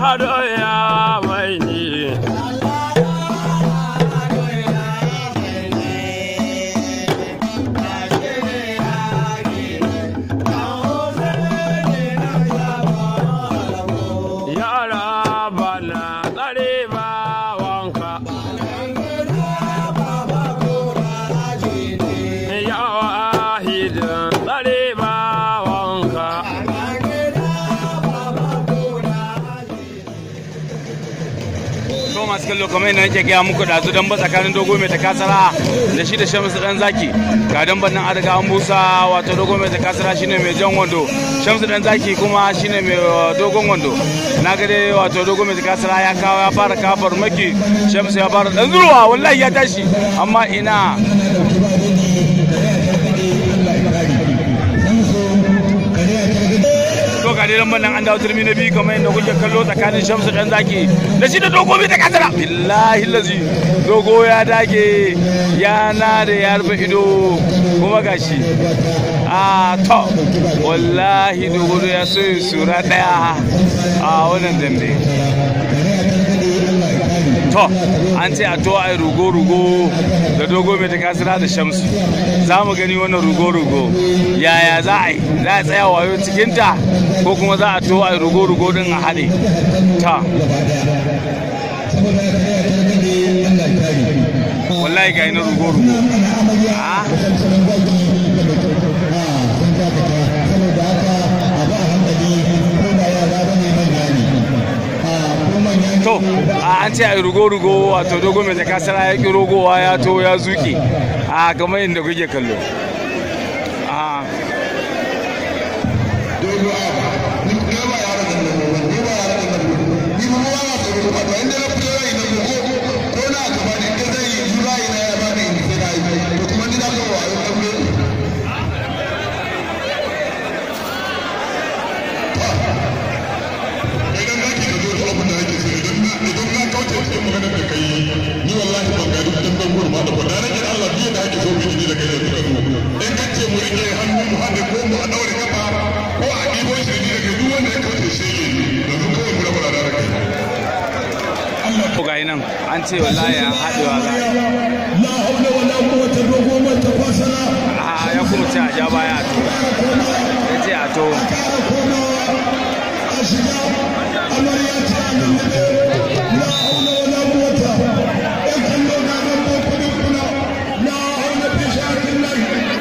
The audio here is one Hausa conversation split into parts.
hard, oh yeah. kamar yadda nake gaya muku ɗazu dan ba tsakanin dogo mai takasara da shi da shamsu dan zaki ga dan bannan an riga an busa wato dogo mai takasara shine mai jan wando shamsu dan zaki kuma shine mai uh, dogon wando na ga dai wato dogo mai takasara ya kawo ya fara kafar maki shamsu ya fara dan zuwa wallahi ya tashi amma ina dai lambar nan an dawo turmi na biyu kamar yadda kuke kallo tsakanin shamsu dan zaki da shi da dogo bi ta kasara billahi lazi dogo ya dage ya na da ya rufe ido kuma gashi a to wallahi dogo ya so sura daya a wannan dambe to an ce a to ai rugo-rugo da dogo mai ta da shamsu za mu gani wannan rugo-rugo yaya za a yi za a tsaya wayo cikinta ko kuma za a to ai rugo-rugo din a haɗe ta wallahi ga yi na rugo-rugo ah? to an ce a rugo-rugo wato dogon mai jaka ya ƙi rogowa ya to ya zuki a kamar yin kuke kallo ko ga nan an ce wallahi an haɗewa za la haula wala quwwata illa billah ta fasala a ya kuma ce a ja baya a to ya ce a to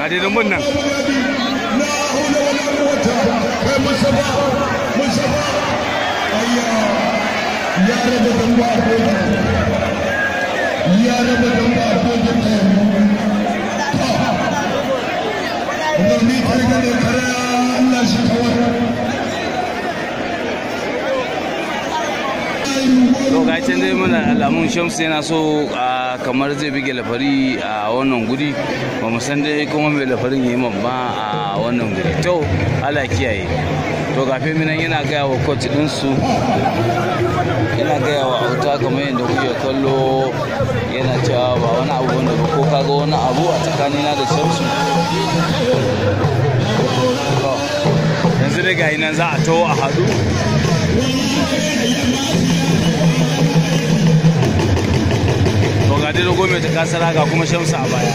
Kadirin nan. Mustafa, ya a a da dai muna alamun shamsu yana so kamar zai bige lafari a wannan guri ba san dai kuma mai lafarin yi ba a wannan guri to ala kiyaye to kafin minan yana gaya wa coach su yana gaya wa auta kamar yadda kuke kallo yana cewa ba wani abu wanda ba ko kaga wani abu a tsakanina da shamsu yanzu dai gayi nan za a taho a hadu to ga dai dogo mai ta kasara ga kuma shamsu a baya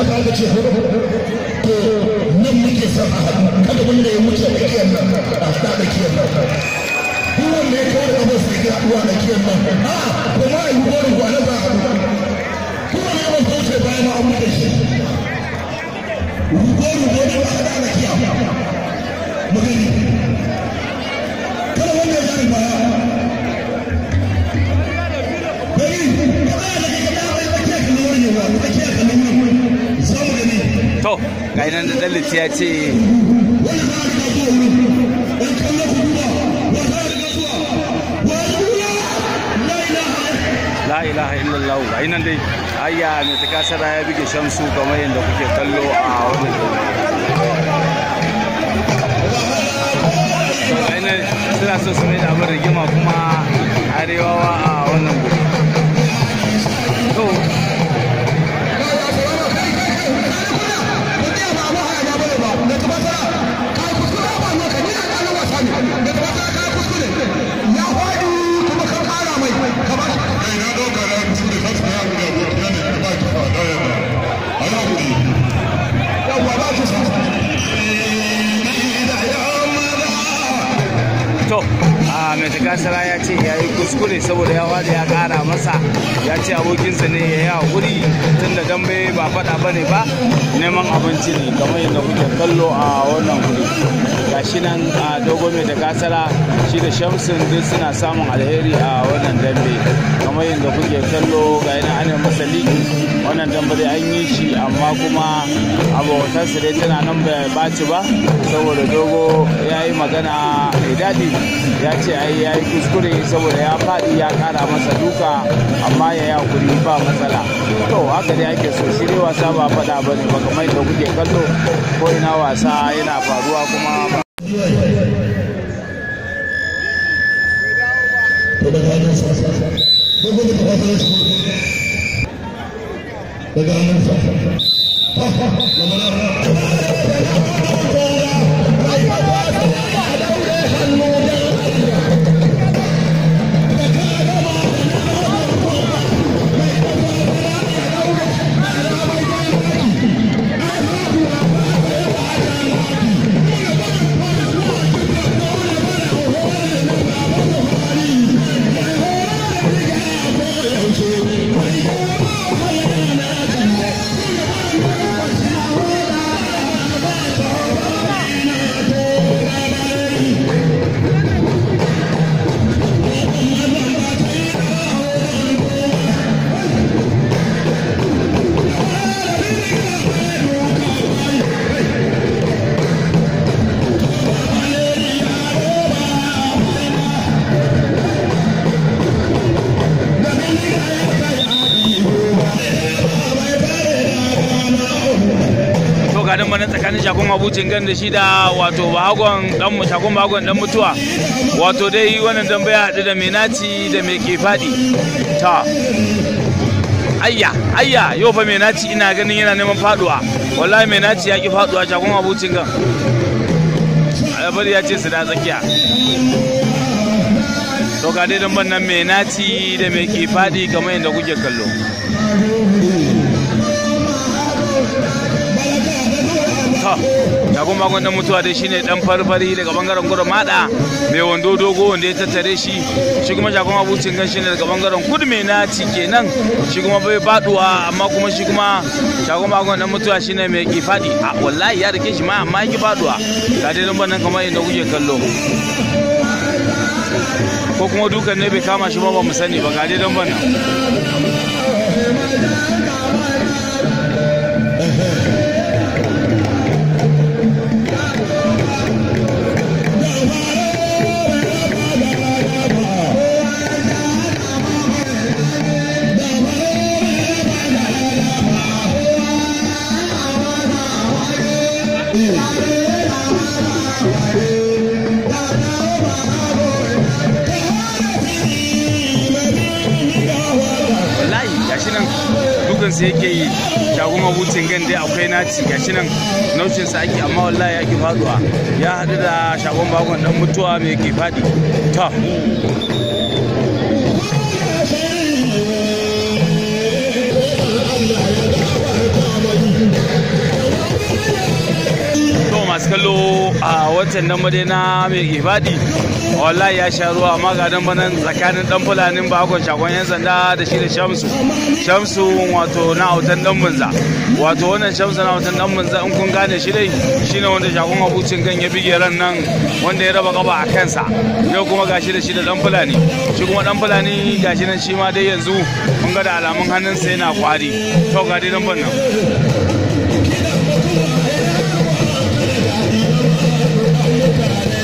haka aka ce to nan muke son a haɗu kada wanda ya mutu a tsakiyar nan a haɗa tsakiyar nan duk wanda ya da abin su ke haɗuwa a tsakiyar nan a kuma a yi gori gwana za a haɗu kuma ne wasu wuce bayan an mutu shi rugo-rugo ba a haɗa tsakiyar magani to ga nan da dalit ya ce la'ilaha ilaha illallah ga nan dai ayya mai ta takasara ya bige shamsu kamar yadda kuke kallo a wannan ga nan suna so su mai damar rigima kuma arewawa a wannan gudu kamar yadda kuke kallo a wannan wuri gashi nan a gome da gasara shi da shamsin duk suna samun alheri a wannan dambe kamar yadda kuke kallo ga yana ana masa wannan dambe da an yi shi amma kuma su dai tana nan bai baci ba saboda dogo ya yi magana mai daɗi ya ce ai ya yi kuskure saboda ya faɗi ya ƙara masa duka amma ya yi hakuri ba matsala to haka dai ake so shi dai wasa ba faɗa ba ne ba kamar yadda kuke kallo ko ina wasa yana faruwa kuma لما نرى abucin gan da shi da wato bahagon dan mu shagon bahagon dan mutuwa wato dai wannan dan baya da menaci da me ke fadi ta ayya ayya yau fa menaci ina ganin yana neman faduwa wallahi menaci ya ki faduwa shagon abucin gan albar ya ce su da tsakiya to ga dai dan bannan nan mai da me ke fadi kamar yadda kuke kallo to ya kuma dan mutuwa dai shine dan farfari daga bangaren kudu mada mai wando dogo wanda ya tattare shi shi kuma jagon abucin gan shine daga bangaren kudu mai naci kenan shi kuma bai faduwa amma kuma shi kuma shakon magon dan mutuwa shine mai kifadi a wallahi ya rike shi ma amma ki faduwa ga dai lambar nan kamar inda kuke kallo ko kuma dukan ne bai kama shi ba ba mu sani ba ga dai lambar nan kansa yake yi ta kuma gan dai akwai naci gashi nan naucin sa ake amma wallahi ya ki faduwa ya haɗu da shagon bagon dan mutuwa mai ke faɗi to kallo a watan nan na mai ibadi wallahi ya sha ruwa amma ga dan banan tsakanin dan fulanin bakon shagon yan sanda da shi da shamsu shamsu wato na autan dan munza wato wannan shamsu na autan dan munza in kun gane shi dai shine wanda shagon abucin kan ya bige ran nan wanda ya raba kaba a kansa yau kuma gashi da shi da dan fulani shi kuma dan fulani gashi nan shi ma dai yanzu kun ga da alamun hannun sa yana kwari to ga dai dan banan la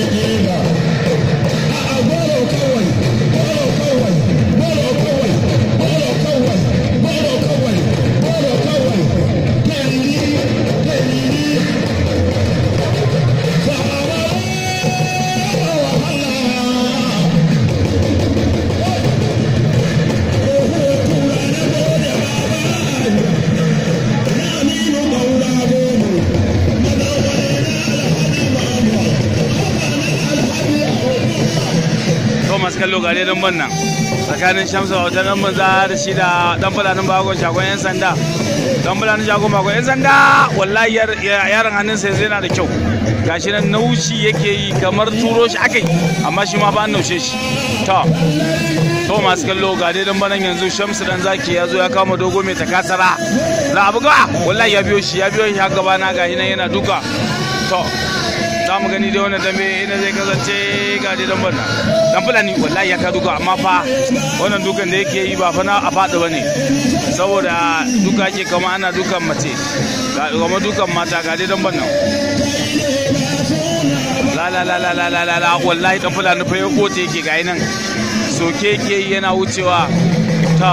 masu kallo gare don ban nan tsakanin shamsu wata dan za da shi da dan fulanin bagon shagon yan sanda dan fulanin shagon bagon yan sanda wallahi yaran hannun sai na da kyau gashi nan naushi yake yi kamar turo shi akai amma shi ma ba an naushe shi to to masu kallo ga don dan banan yanzu shamsu dan zaki ya zo ya kama dogo mai takasara za a buga wallahi ya biyo shi ya biyo shi har gaba na gashi nan yana duka to za mu gani da wani dame ina zai kasance ga dai dan bana dan fulani wallahi ya ka duka amma fa wannan dukan da yake yi ba fa na a fada bane saboda duka ke kama ana dukan mace ga kama dukan mata ga dai dan banna la la la la la la la wallahi dan fulani fa ya kote yake ga nan soke yake yana wucewa ta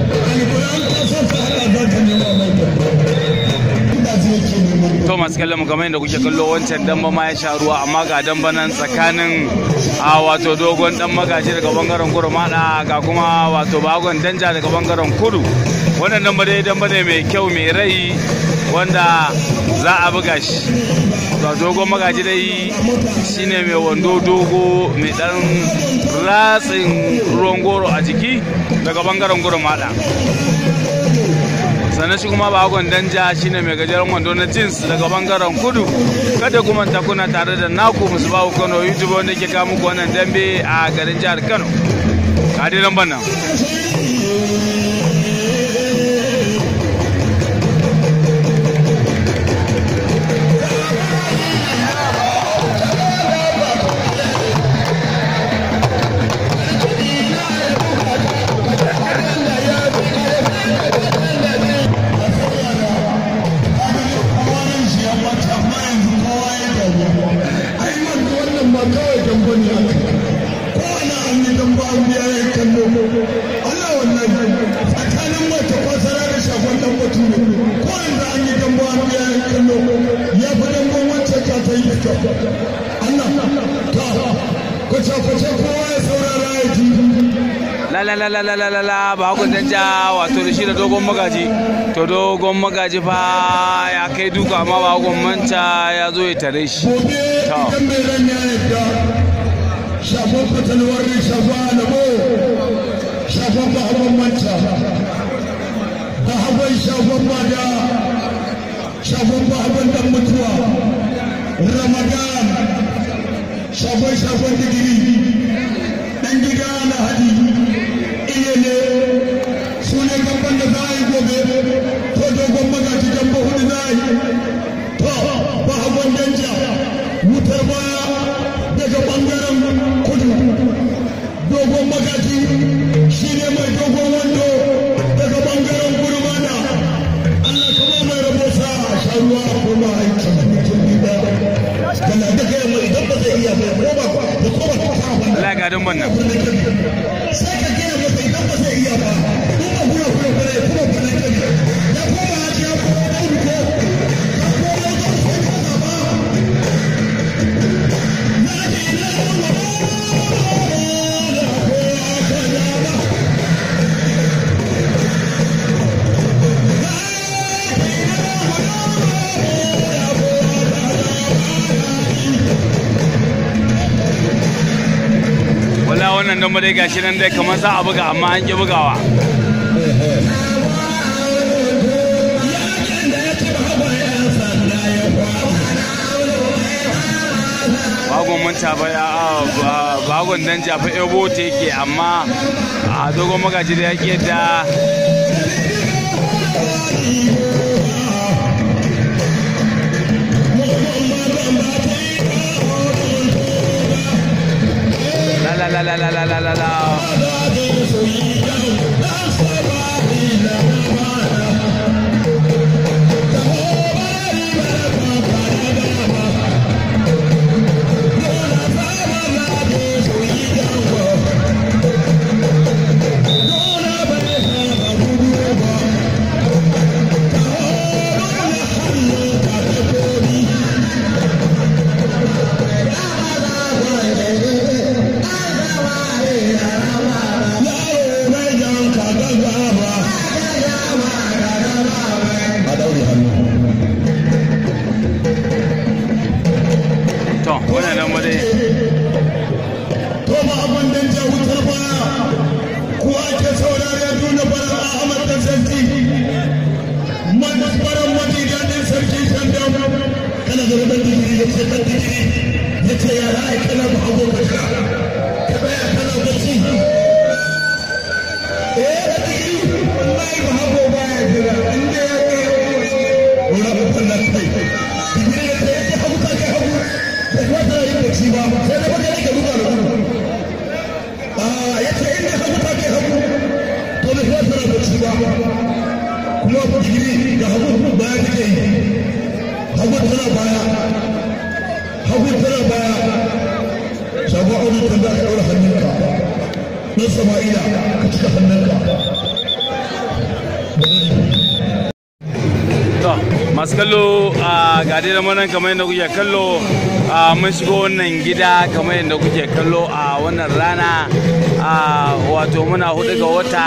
masu mu kamar yadda kuke kallo wancan damba ma ya sha ruwa amma ga damba nan tsakanin a wato dogon dan magaji daga bangaren kudu mada ga kuma wato bagon danja daga bangaren kudu wannan damba dai damba ne mai kyau mai rai wanda za a buga shi to dogon magaji dai shine mai wando dogo mai dan ratsin ruwan goro a jiki daga bangaren kudu mada sannan shi kuma ja danja shine mai gajeren wando na jeans daga bangaren kudu kada kuma ta kuna tare da naku musu bawo kano youtube wanda ke kamu muku wannan dambe a garin jihar kano kadiran nan. kwace-kwace ya ba ku canja wato da shi da dogon magaji to dogon magaji fa ya kai duka amma ba ku manta ya zo ya tare shi mutuwa ramadan shagon shagon digiri ɗan gida lahadi ilele su ne gaban da za a yi gobe ko dogon magaji jambo hudu za a yi to ba dai gashi nan dai kamar za a buga amma an ki bugawa bagon manta ba bagon dan jafa ebo ta yake amma a dogon magaji da yake da la la la la la la la. kuma digiri da hagu baya take yi hagu tana baya hagu tana baya kan ka hannunka na sama'ila ka cika hannunka masu kallo a gade da manan kamar yadda kuke kallo mun shigo gida kamar yadda kuke kallo a wannan rana a ah, wato muna hudu ga wata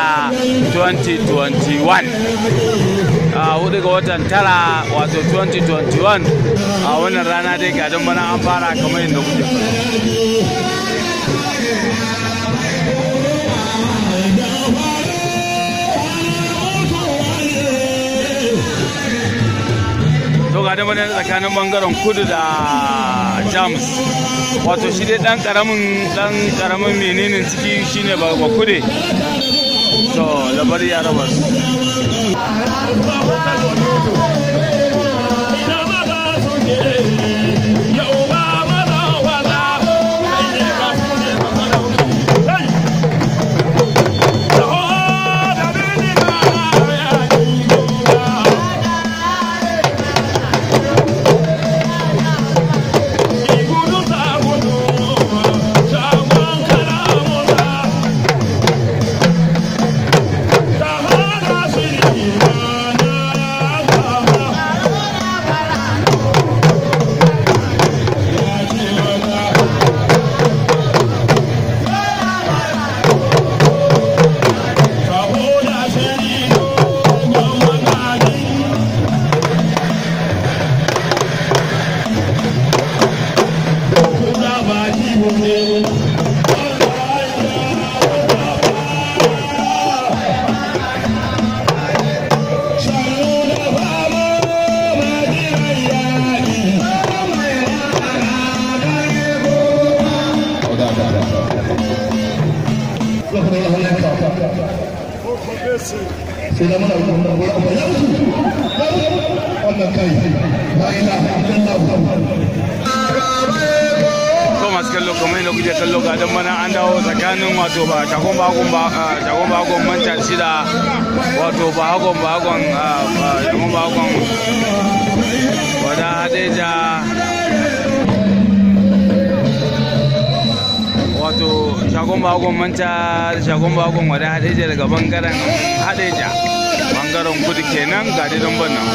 2021 a ah, hudu ga watan tara wato 2021 a ah, wannan rana dai ga don bana an fara kamar yadda kuke to ga da tsakanin bangaren kudu da jamus wato shi dai dan karamin dan karamin menene ciki shine ba kude to labari ya rabar sai da muna kuma ko abu ya mutu wannan kai la ilaha illallah masu kallo kamar yadda kuke kallo ga dan mana an dawo tsakanin wato ba shagon ba shagon shida wato shagon bagon manta da shagon bagon wada hadeja daga bangaren hadeja bangaren kudu kenan ga didan bannan